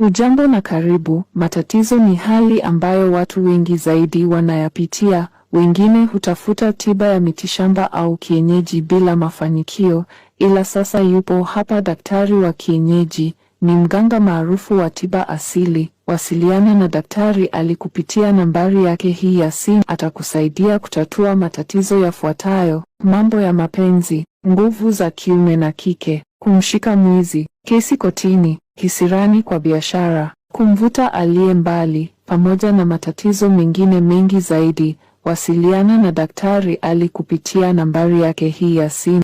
ujambo na karibu. Matatizo ni hali ambayo watu wengi zaidi wanayapitia. Wengine hutafuta tiba ya mitishamba au kienyeji bila mafanikio, ila sasa yupo hapa daktari wa kienyeji, ni mganga maarufu wa tiba asili. Wasiliana na daktari alikupitia nambari yake hii ya simu, atakusaidia kutatua matatizo yafuatayo: mambo ya mapenzi, nguvu za kiume na kike, kumshika mwizi, kesi kotini, kisirani kwa biashara, kumvuta aliye mbali, pamoja na matatizo mengine mengi zaidi. Wasiliana na Daktari Ali kupitia nambari yake hii ya simu.